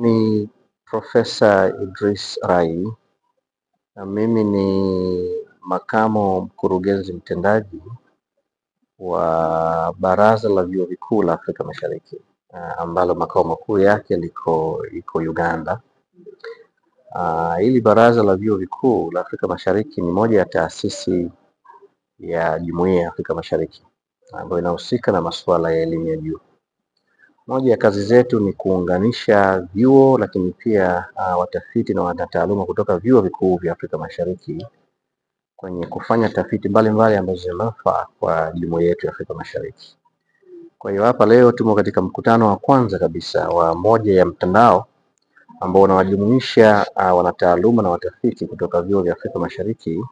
Ni Profesa Idris Rai na mimi ni makamo mkurugenzi mtendaji wa Baraza la Vyuo Vikuu la Afrika Mashariki eh, ambalo makao makuu yake liko iko Uganda. Ah, hili Baraza la Vyuo Vikuu la Afrika Mashariki ni moja ya taasisi ya Jumuiya ya Afrika Mashariki ambayo inahusika na masuala ya elimu ya juu. Moja ya kazi zetu ni kuunganisha vyuo lakini pia uh, watafiti na wanataaluma kutoka vyuo vikuu vya Afrika Mashariki kwenye kufanya tafiti mbalimbali ambazo zina kwa elimu yetu ya Afrika Mashariki. Kwa hiyo hapa leo tumo katika mkutano wa kwanza kabisa wa moja ya mtandao ambao unawajumuisha uh, wanataaluma na watafiti kutoka vyuo vya Afrika Mashariki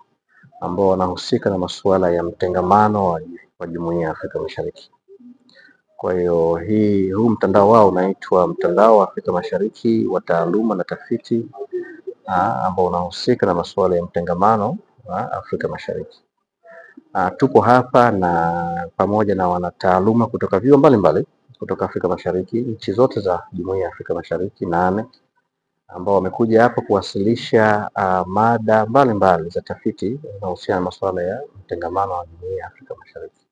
ambao wanahusika na masuala ya mtengamano wa jumuiya ya Afrika Mashariki. Kwa hiyo hii huu mtandao wao unaitwa mtandao wa Afrika Mashariki wa taaluma na tafiti ah, ambao unahusika na masuala ya mtengamano wa Afrika Mashariki. A, ah, tuko hapa na pamoja na wanataaluma kutoka vyuo mbalimbali kutoka Afrika Mashariki, nchi zote za Jumuiya ya Afrika Mashariki nane ambao wamekuja hapa kuwasilisha uh, mada mbalimbali za tafiti zinahusiana na masuala ya mtengamano wa Jumuiya ya Afrika Mashariki.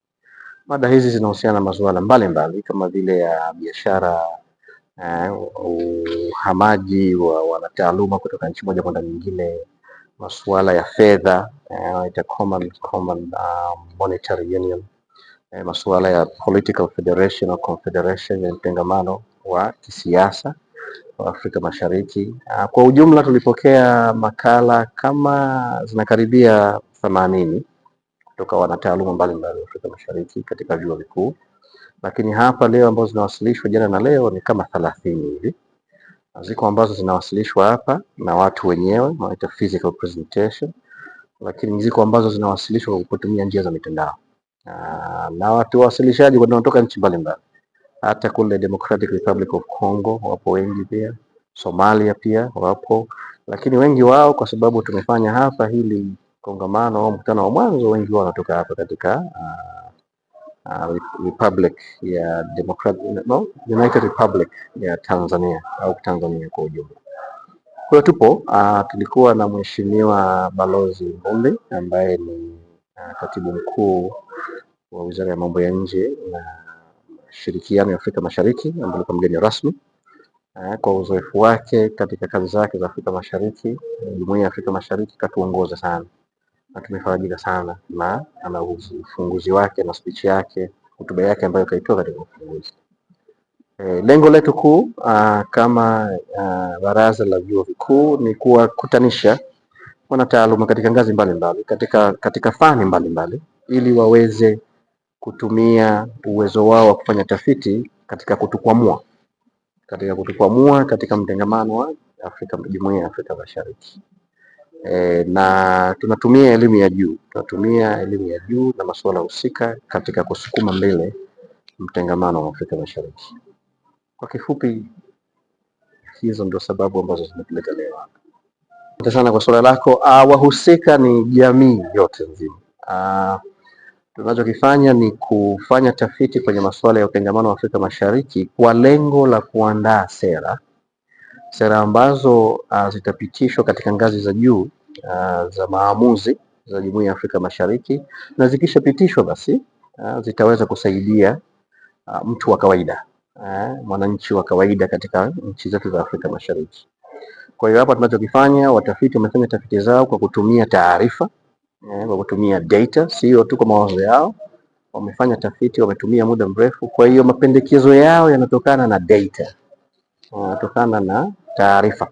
Mada hizi zinahusiana na masuala mbalimbali kama vile ya biashara, eh, uhamaji wa wanataaluma kutoka nchi moja kwenda nyingine, masuala ya fedha eh, common, common, uh, monetary union eh, masuala ya political federation or confederation ya mtengamano wa kisiasa wa Afrika Mashariki. Uh, kwa ujumla tulipokea makala kama zinakaribia themanini kutoka wanataaluma mbalimbali Afrika Mashariki katika vyuo vikuu, lakini hapa leo ambazo zinawasilishwa jana na leo ni kama thelathini hivi. Ziko ambazo zinawasilishwa hapa na watu wenyewe wanaita physical presentation, lakini ziko ambazo zinawasilishwa kwa kutumia njia za mitandao na watu wawasilishaji wanaotoka nchi mbalimbali, hata kule Democratic Republic of Congo wapo wengi pia, Somalia pia wapo, lakini wengi wao kwa sababu tumefanya hapa hili kongamano au mkutano wa mwanzo, wengi wao wanatoka hapa katika uh, uh, Republic ya Democrat, no, United Republic ya Tanzania au Tanzania kwa ujumla. Kwa hiyo tupo uh, tulikuwa na mheshimiwa Balozi Mvumbi ambaye ni uh, katibu mkuu wa Wizara ya Mambo ya Nje na Shirikiano ya Afrika Mashariki ambaye alikuwa mgeni rasmi kwa uzoefu wake katika kazi zake za Afrika Mashariki, jumuiya ya Afrika Mashariki katuongoza sana. Tumefarijika sana na ana ufunguzi wake na spichi yake, hotuba yake ambayo kaitoa katika ufunguzi. E, lengo letu kuu ah, kama a, ah, baraza la vyuo vikuu ni kuwakutanisha wanataaluma katika ngazi mbalimbali mbali, katika, katika fani mbalimbali mbali, ili waweze kutumia uwezo wao wa kufanya tafiti katika kutukwamua katika kutukwamua katika mtengamano wa Afrika jumuiya ya Afrika Mashariki e, na tunatumia elimu ya juu, tunatumia elimu ya juu na masuala husika katika kusukuma mbele mtengamano wa Afrika Mashariki. Kwa kifupi, hizo ndio sababu ambazo zimetuleta leo hapa. Asante sana kwa swala lako. Ah, wahusika ni jamii yote nzima. Ah, tunachokifanya ni kufanya tafiti kwenye masuala ya utengamano wa Afrika Mashariki kwa lengo la kuandaa sera sera ambazo uh, zitapitishwa katika ngazi za juu uh, za maamuzi za Jumuiya ya Afrika Mashariki, na zikishapitishwa basi uh, zitaweza kusaidia uh, mtu wa kawaida uh, mwananchi wa kawaida katika nchi zetu za Afrika Mashariki. Kwa hiyo hapa tunachokifanya, watafiti wamefanya tafiti zao kwa kutumia taarifa eh, kwa kutumia data, sio tu kwa mawazo yao. Wamefanya tafiti, wametumia muda mrefu, kwa hiyo mapendekezo yao yanatokana na data. Eh, kutokana na taarifa.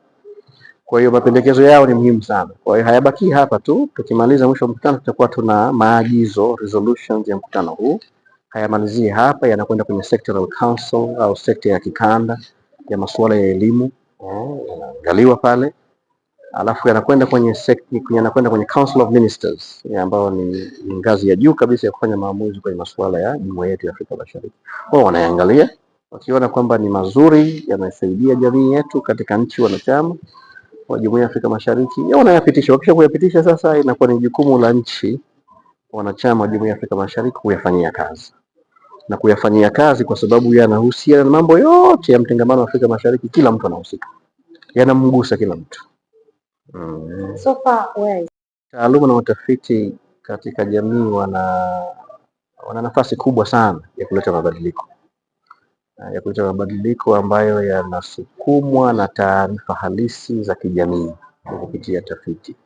Kwa hiyo mapendekezo yao ni muhimu sana. Kwa hiyo hayabaki hapa tu, tukimaliza mwisho wa mkutano tutakuwa tuna maagizo resolutions ya mkutano huu. Hayamalizie hapa, yanakwenda kwenye sectoral council au sekta ya kikanda ya masuala ya elimu eh, yanaangaliwa pale, alafu yanakwenda kwenye yanakwenda kwenye Council of Ministers ambayo ni, ni ngazi ya juu kabisa ya kufanya maamuzi kwenye masuala ya jumuiya yetu ya Afrika Mashariki. Wao wanaangalia wakiona kwamba ni mazuri yanasaidia jamii yetu katika nchi wanachama wa Jumuiya ya Afrika Mashariki wanayapitisha. Wakisha kuyapitisha sasa, inakuwa ni jukumu la nchi wanachama wa Jumuiya ya Afrika Mashariki kuyafanyia kazi na kuyafanyia kazi, kwa sababu yanahusiana na mambo yote ya mtengamano wa Afrika Mashariki. Kila mtu anahusika, yanamgusa kila mtu mm. So far, where taaluma na watafiti katika jamii wana, wana nafasi kubwa sana ya kuleta mabadiliko ya kuleta mabadiliko ambayo yanasukumwa na taarifa halisi za kijamii kupitia tafiti.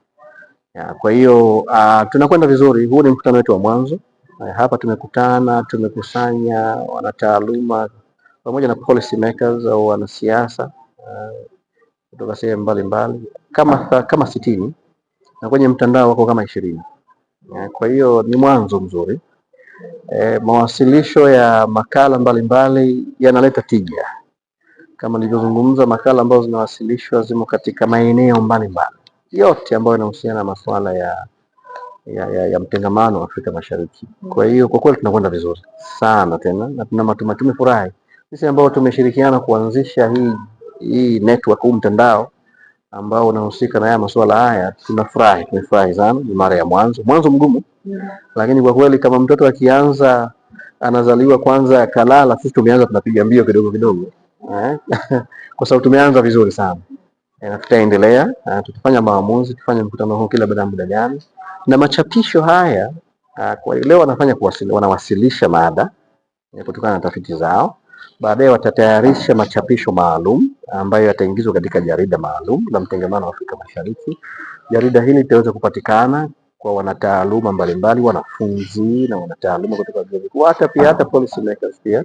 Ya, kwa hiyo uh, tunakwenda vizuri. Huu ni mkutano wetu wa mwanzo. Uh, hapa tumekutana, tumekusanya wanataaluma pamoja na policy makers au wanasiasa kutoka uh, sehemu mbalimbali kama, kama sitini na kwenye mtandao wako kama ishirini. Kwa hiyo ni mwanzo mzuri E, mawasilisho ya makala mbalimbali yanaleta tija. Kama nilivyozungumza, makala ambazo zinawasilishwa zimo katika maeneo mbalimbali yote ambayo yanahusiana na masuala ya ya, ya, ya mtengamano wa Afrika Mashariki. Kwa hiyo kwa kweli tunakwenda vizuri sana tena na tuna matumaini, furahi sisi ambao tumeshirikiana kuanzisha hii hii network huu mtandao ambao unahusika na haya masuala haya, tunafurahi tumefurahi sana. Ni mara ya mwanzo mwanzo mgumu yeah. Lakini kwa kweli kama mtoto akianza anazaliwa kwanza kalala, sisi tumeanza tunapiga mbio kidogo kidogo eh? kwa sababu tumeanza vizuri sana eh, na tutaendelea eh, tutafanya maamuzi, tufanye mkutano huu kila baada ya muda gani, na machapisho haya eh, kwa leo wanafanya kuwasilisha, wanawasilisha mada eh, kutokana na tafiti zao Baadaye watatayarisha machapisho maalum ambayo yataingizwa katika jarida maalum la mtengamano wa Afrika Mashariki. Jarida hili litaweza kupatikana kwa wanataaluma mbalimbali, wanafunzi na wanataaluma kutoka vyuo vikuu, hata pia hata policy makers pia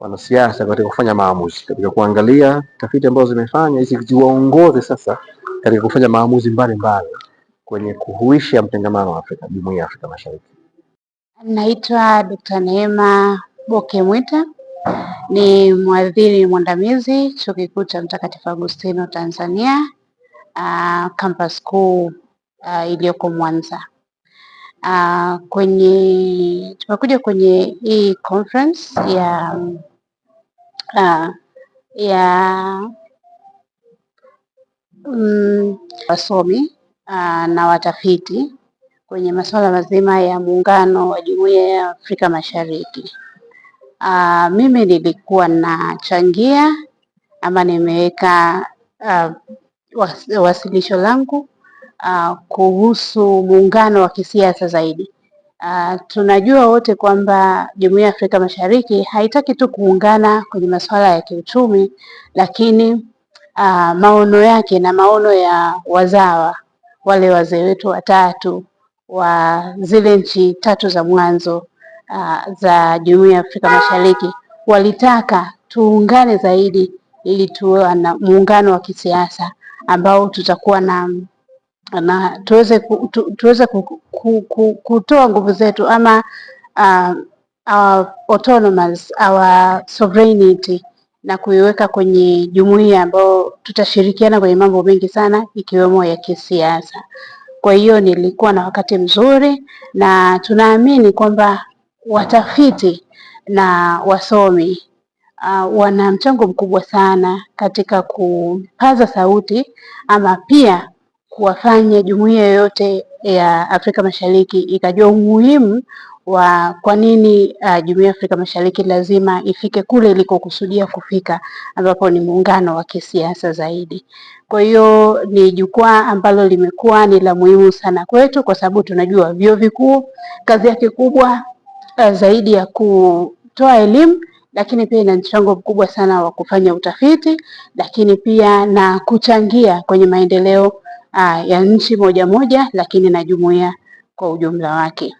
wanasiasa, katika kufanya maamuzi, katika kuangalia tafiti ambazo zimefanya hizi, ziwaongoze sasa katika kufanya maamuzi mbalimbali kwenye kuhuisha mtengamano wa Afrika, jumuiya ya Afrika Mashariki. Naitwa Dr. Neema Boke Mwita ni mwadhiri mwandamizi Chuo Kikuu cha Mtakatifu Agustino Tanzania, uh, campus kuu uh, iliyoko Mwanza. Uh, kwenye tumekuja kwenye hii conference ya uh, ya mm, wasomi uh, na watafiti kwenye masuala mazima ya muungano wa Jumuiya ya Afrika Mashariki. Uh, mimi nilikuwa nachangia ama nimeweka uh, wasilisho langu uh, kuhusu muungano wa kisiasa zaidi. Uh, tunajua wote kwamba Jumuiya ya Afrika Mashariki haitaki tu kuungana kwenye masuala ya kiuchumi, lakini uh, maono yake na maono ya wazawa wale wazee wetu watatu wa zile nchi tatu za mwanzo uh, za Jumuiya ya Afrika Mashariki walitaka tuungane zaidi ili tuwe na muungano wa kisiasa ambao tutakuwa na na tuweze ku, tu, tuweze ku, ku, ku, kutoa nguvu zetu ama uh, our autonomous our sovereignty na kuiweka kwenye jumuiya ambayo tutashirikiana kwenye mambo mengi sana ikiwemo ya kisiasa. Kwa hiyo nilikuwa na wakati mzuri na tunaamini kwamba watafiti na wasomi uh, wana mchango mkubwa sana katika kupaza sauti ama pia kuwafanya jumuiya yoyote ya Afrika Mashariki ikajua umuhimu wa kwa nini uh, jumuiya ya Afrika Mashariki lazima ifike kule ilikokusudia kufika ambapo ni muungano wa kisiasa zaidi. Kwa hiyo ni jukwaa ambalo limekuwa ni la muhimu sana kwetu, kwa sababu tunajua vyuo vikuu kazi yake kubwa Eh, zaidi ya kutoa elimu, lakini pia ina mchango mkubwa sana wa kufanya utafiti, lakini pia na kuchangia kwenye maendeleo ah, ya nchi moja moja, lakini na jumuiya kwa ujumla wake.